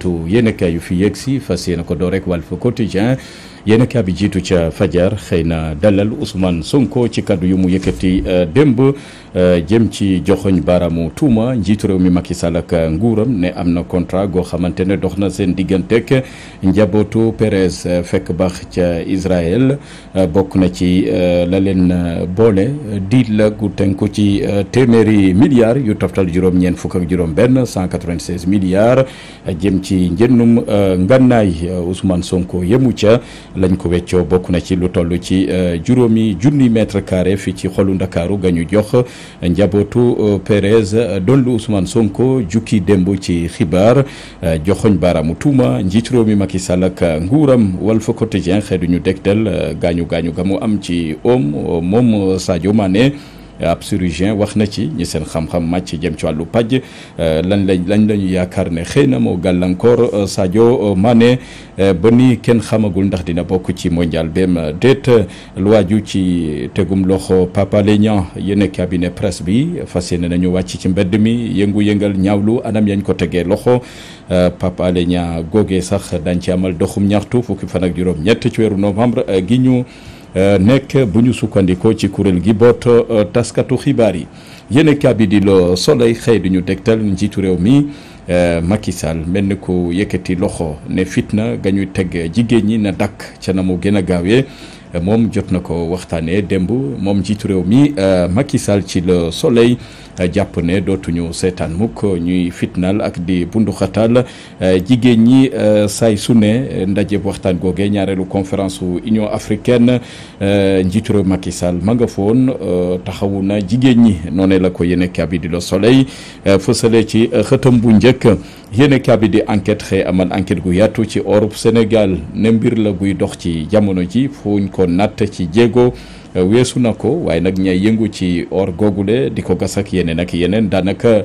tu yéenekaay yu fi yegg si fas yéene ko door rek Walf Quotidien yéenekaay bi jiitu ca fajar xëy na dalal Ousmane Sonko ci kaddu yu mu yëkkati euh, démb euh, jëm ci joxoñ baaraamu tuuma njiitu réew mi Macky Sall ak euh, nguuram ne am na contrat goo xamante ne dox na seen digganteeg njabootu Perez fekk baax ca Israël bokk na ci la leen boole diil la gu tënku ci téeméeri milliards yu toftal juróom-ñeent fukk ak juróom-benn 196 milliards jëm. ci njëndum euh, ngannaay euh, Ousmane Sonko yemu ca lañ ko weccoo bokk na ci lu toll ci euh, juróomi junni mètre carré fi ci xolu Ndakaaru ga ñu jox njabootu Perez doon lu Ousmane Sonko jukki démb ci xibaar joxoñ baaraamu tuuma njiit réew mi Macky Sall ak nguuram Walf Quotidien xeetu ñu dégtal gaañu gaañu ga mu am ci oom moom Sadio Mané. ab chirurgien wax na ci ñi seen xam-xam màcc jëm ci wàllu paj euh, lan lañ lañ la yaakaar ne xëy na moo gàllankoor euh, Sadio euh, mane ba nii kenn xamagul ndax dina bokk ci mondial bem déet lu waaju ci tegum loxo Papa Alé Niang yéen cabinet presse bi fas yéene nañu wàcc ci mbedd mi yëngu-yëngal ñaaw lu anam yañ ko tegee loxo Papa Alé googee sax dañ ci amal doxum ñaxtu fukki fan ak juróom ñett ci weeru novembre gi ñu Euh, nekk bu ñu sukkandikoo ci kuréel gi boot euh, taskatu xibaar yi yéen bi di Le Soleil xëy di ñu dégtal njiitu réew mi euh, Macky Sall mel ni ko yëkkati loxo ne fitna ga ñuy teg jigéen ñi ne dakk ca na mu gën a gaawee moom jot na ko waxtaanee démb moom njiitu réew mi Macky Sall ci Le Soleil. jàpp ne dootuñu seetaan mukk ñuy fitnaal ak di bunduxatal jigéen ñi euh, saay su ne ndaje waxtaan googee ñaareelu conférence u Union africaine euh, njiitu réew Macky Sall ma nga foon euh, taxawu na jigéen ñi noonee la ko yéene kaabi di Le Soleil fësale ci xëtam bu njëkk yéene kaabi di enquête xëy amal enquête gu yaatu ci Europe Sénégal ne mbir la guy dox ci jamono ji fuñ ko natt ci jéego weesu na ko waaye nag ñay yëngu ci or googule di ko gas ak yeneen ak yeneen daanaka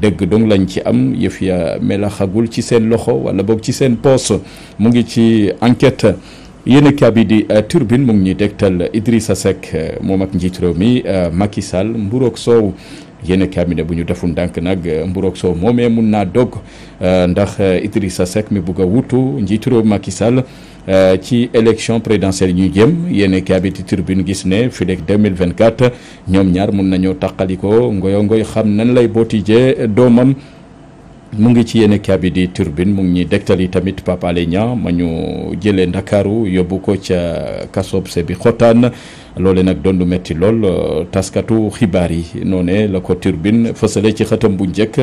dëgg dong lañ ci am yëf ya melaxagul ci seen loxo wala boog ci seen poos mu ngi ci enquête yéen a bi di euh, turbine mu ngi ñuy dégtal a Seck euh, moom ak njiit réew mi euh, Macky Sall mburoog soow. yéen cabinet bu ñu deful ndànk nag euh, mburoog soo moomee mun naa dog euh, ndax euh, Idrissa Seck mi bugg a wutu njiitu réew Macky Sall ci élection présidentielle ñu jëm yéen cabinet ci tribune gis ne fii vingt 2024 ñoom ñaar mun nañoo taqali ko ngoyo ngoy xam nan lay bootijee doomam. mu ngi ci yenn kaabi di turbine mu ngi ñuy dégtal yi tamit Pape Alé ma ñu jëlee ndakaaru yóbbu ko ca kasob se bi xotaan loole nag doon lu métti lool taskatu xibaar yi noo ne la ko turbine fësale ci xëtam bu njëkk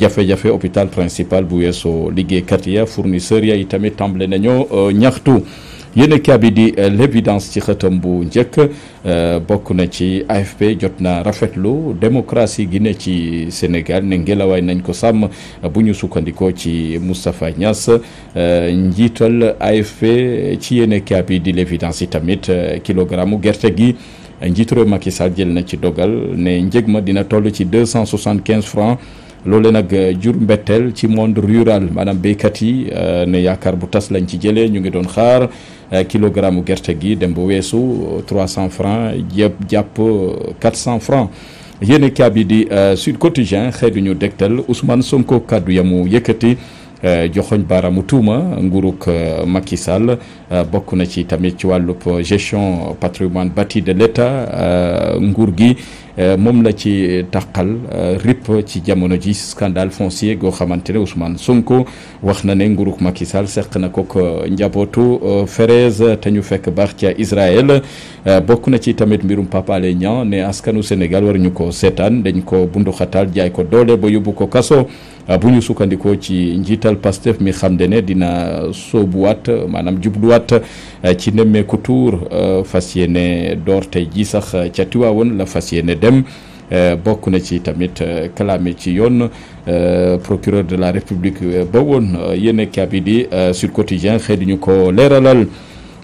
jafe-jafe hôpital principal bu weesoo liggéeykat ya fournisseur ya yi tamit tàmbale nañoo euh, ñaxtu yéen a yi di euh, l'évidence ci xëtam bu njëkk euh, bokk na ci AFP jot na rafetlu démocratie gi ne ci Sénégal ne ngelawaay nañ ko sàmm euh, bu ñu sukkandikoo ci Moustapha Niass njiital AFP ci yéen a yi di l'évidence yi tamit kilogramme gerte gi. njiitu réew Macky Sall jël na ci dogal ne njëg ma dina toll ci deux cent soixante-quinze francs. loole nag euh, jur mbeteel ci monde rural maanaam béykat yi euh, ne yaakaar bu tas lañ ci jëlee ñu ngi doon xaar euh, kilogramme gerte gi dem ba weesu 300 francs yëpp jàpp 400 francs yéen kaa yi di Sud Quotidien xëy ñu dégtal Ousmane Sonko kàddu yamu yëkkati joxoñ baaraamu tuuma nguuruk Macky Sall bokk na ci tamit ci wàllub gestion patrimoine bâti de l'État nguur gi Euh, moom la ci euh, taqal euh, rip ci jamono ji scandale foncier goo xamante ne Ousmane Sonko wax na ne nguurug Macky Sall seq na kook njabootu Ferez te ñu fekk baax ca Israël bokk na ci tamit mbirum Pape Alé Niang ne askanu Sénégal waruñu ko seetaan dañ ko bunduxatal jaay ko doole ba yóbbu ko kaso bu ñu sukkandikoo ci njiital Pastef mi xam ne dina soobuwaat maanaam jubluwaat ci nemmeeku tuur fas yéene door tey ji sax ca Tiwaawoon la fas yéene dem euh, bokk na ci tamit euh, kalaame ci yoon euh, procureur de la république ba woon yéen yi di Sud Quotidien xëy di ñu ko leeralal.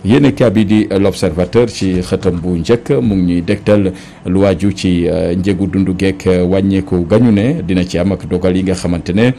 yéen yi di l'observateur ci xëtam bu njëkk mu ngi ñuy dégtal lu waaju ci njëgu dundu geek wàññeeku gañu ne dina ci am ak dogal yi nga xamante ne.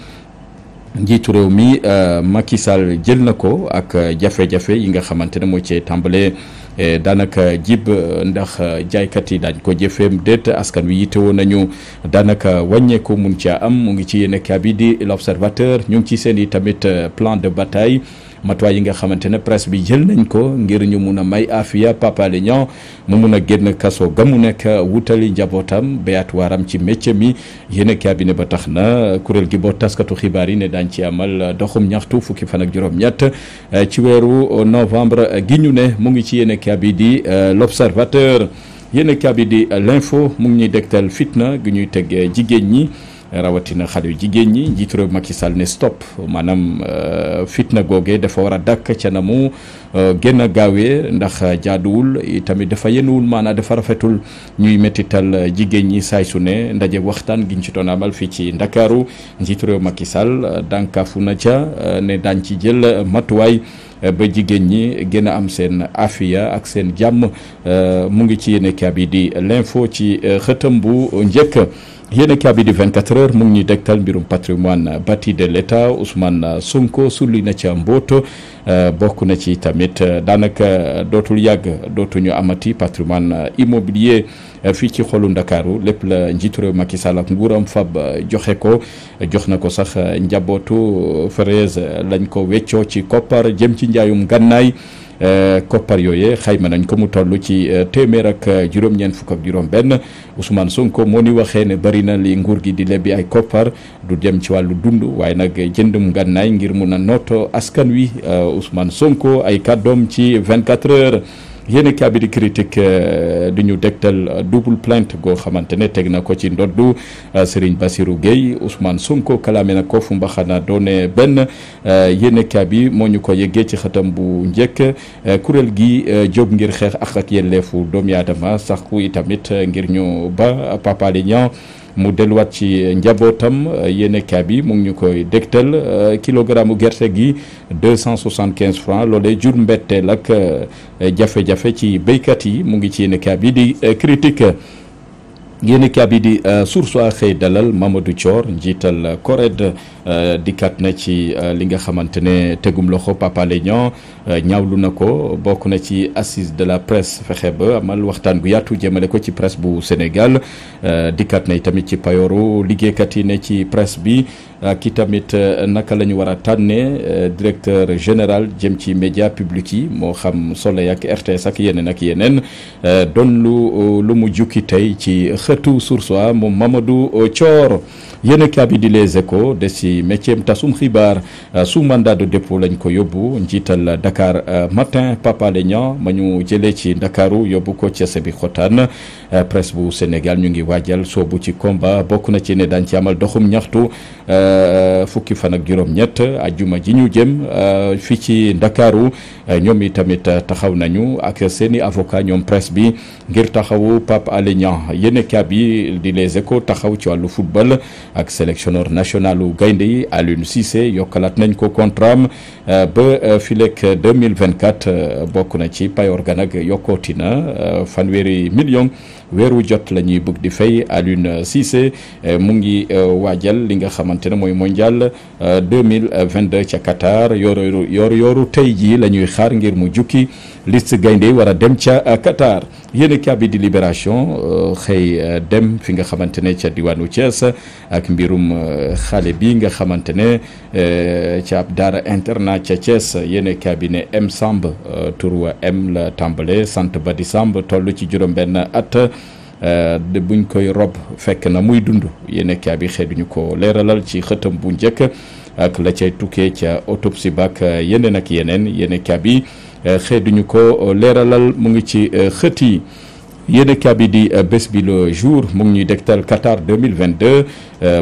njiitu réew mi Macky Sall jël na ko ak jafe-jafe yi nga xamante ne moo cee tàmbalee. Eh, daanaka jib eh, ndax eh, jaaykat yi daañ ko jëfeem déet askan wi yitewoo nañu daanaka wàññeeku mun caa am mu ngi ci yéen a bi di l'observateur ñu ngi ci seen i tamit plan de bataille matuwaay yi nga xamante ne presse bi jël nañ ko ngir ñu mun a may afiya Papa Alé Niang mu mun a génn kaso ga mu nekk wutali njabootam béyaat waaram ci métier mi yéen cabinet ba tax na kuréel gi boo taskatu xibaar yi ne daañ ci amal doxum ñaxtu fukki fan ak juróom-ñett eh, ci weeru novembre gi ñu ne mu ngi ci yéen cabinet di eh, l'observateur yéen cabinet di eh, l'info mu ngi ñuy dégtal fitna gi ñuy teg jigéen ñi. rawatina xale jigéen ñi njiitu réew Macky ne stop maanaam euh, fitna googe dafa war a dàkk ca na mu euh, gën a gaawee ndax jaaduwul tamit dafa yenuwul maanaam dafa rafetul ñuy méttital jigéen ñi saay su ne ndaje waxtaan giñ ci doon amal fii ci Ndakaaru njiitu réew Sall euh, dànkaafu na ca ne daañ ci jël matuwaay. ba jigéen ñi gën a am seen afiya ak seen jàmm mu ngi ci yéene yi di l'info ci euh, xëtam bu njëkk yéene kaabi di 24 heures mu ngi ñuy dégtal mbirum patrimoine bati de l'État Ousmane sunko sulli na ca mbooto euh, bokk na ci tamit euh, daanaka dootul yàgg dootuñu amati patrimoine immobilier fii ci xolu Ndakaaru lépp la njiitu réew Macky Sall ak nguuram fab euh, joxe ko jox na ko sax euh, njabootu euh, Ferez lañ ko weccoo ci koppar jëm ci njaayum gànnaay koppar yooye xayma nañ ko mu toll ci téeméer ak juróom-ñeent fukk ak juróom benn Ousmane Sonko moo ni waxee ne bari na li nguur gi di lebi ay koppar du jëm ci wàllu dund waaye nag jëndum gànnaay ngir mun a nooto askan wi Ousmane Sonko ay kàddoom ci 24 heures yéen kaabi di critique euh, di ñu dégtal euh, double plainte goo xamante ne teg na ko ci ndoddu euh, Serigne Bassirou Gueye Ousmane Sonko kalaame na ko fu mbaxana doone benn yéen kaabi moo ñu ko yeggee ci xatam bu njëkk kuréel gi jóg ngir xeex ak ak yelleefu doomi aadama sax ku itamit ngir ñu ba Papa Alé mu delluwaat ci njabootam euh, yéenekaay bi mu ngi ñu koy dégtal euh, kilogramme gerte gi 275 francs loolee jur mbetteel ak euh, jafe-jafe ci béykat yi mu ngi ci yéenekaay bi di critique yéen a bi di euh, Source A xëy dalal Mamadou Thior njiital CORED euh, dikkaat na ci euh, li nga xamante ne tegum loxo Papa Alé Niang ñaawlu na ko bokk na ci assise de la presse fexe ba amal waxtaan gu yaatu jëmale ko ci presse bu Sénégal dikkaat na tamit ci payoru liggéeykat yi ne ci presse bi ki tamit naka lañu ñu war a tànnee directeur général jëm ci média public yi moo xam Soleil ak RTS ak yeneen ak yeneen doon lu lu mu jukki tey ci. xëtu source wa moom Mamadou Thior yéen a bi di les échos des ci métier tasum xibaar euh, su mandat de dépôt lañ ko yóbbu njiital Dakar euh, matin Papa Léñan ma ñu jëlee ci Ndakaaru yóbbu ko ci Sébikotane euh, presse bu Sénégal ñu ngi waajal soobu ci komba bokk na ci ne daañ ci amal doxum ñaxtu fukki fan ak juróom-ñett ajjuma ji ñu jëm fii ci Ndakaaru ñoom itamit taxaw nañu ak seeni avocat ñoom presse bi ngir taxawu Papa Léñan yéen syndicat bi di les échos taxaw ci wàllu football ak sélectionneur nationalu gaynde yi Aliou Cissé yokkalaat nañ ko contraam euh, ba euh, fileek 2024 euh, bokk na ci payoor ga nag yokkooti na fanweeri million weeru jot la ñuy bëgg di fay Aliou Cissé mu ngi waajal li nga xamante ne mooy mondial 2022 ca Qatar yooru yooru tey jii la ñuy xaar ngir mu jukki liste gaynde yi war a dem ca Qatar yéen a bi di libération euh, xëy euh, dem fi nga xamante ne ca diwaanu Thiès ak mbirum euh, xale bi nga xamante ne ca ab daara internat ca Thiès yéen a kaa bi ne M Samb tur wa la tàmbale sant ba di Samb toll ci juróom-benn at. Uh, buñ koy rob fekk na muy dund yéen kaa bi xeeduñu ko leeralal ci xëtam bu njëkk ak la ca tukkee ca autopsie bak yeneen ak yeneen yéen kaa bi Eh, xëy duñu ko eh, leeralal mu ngi ci eh, xët yi yéen di bés bi le jour mu ngi ñuy dégtal Qatar 2022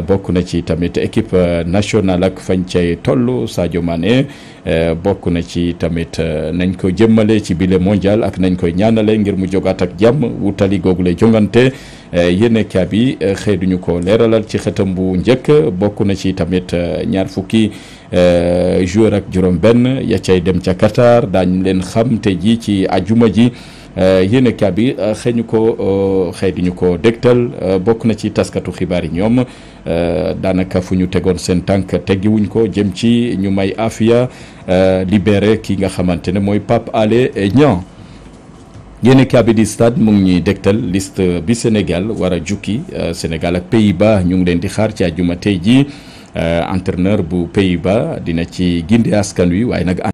bokk na ci tamit équipe nationale ak fañ cay toll Sadio Mané bokk na ci tamit nañ ko jëmmale ci bile mondial ak nañ koy ñaanale ngir mu jogaat ak jàmm wutali googu lay jongante yéen kabi xëy duñu ko leeralal ci xëtam bu njëkk bokk na ci tamit ñaar fukki. Euh, joueur ak juróom-benn ya cay dem ca Qatar daañu leen xam te ji ci ajuma ji. Euh, yéen a bi euh, xëy ñu ko xëy di ñu ko dégtal bokk na ci taskatu xibaar yi ñoom daanaka fu ñu tegoon seen tànk teggiwuñ ko jëm ci ñu may afia libéré ki nga xamante ne mooy Pape ale Niang yéen a bi di stade mu ñuy dégtal liste bi Sénégal war a jukki Sénégal ak Pays-Bas ñu ngi leen di xaar ci àjjuma tey jii. Euh, entraîneur bu pays ba dina ci gindi askan wi waaye nag.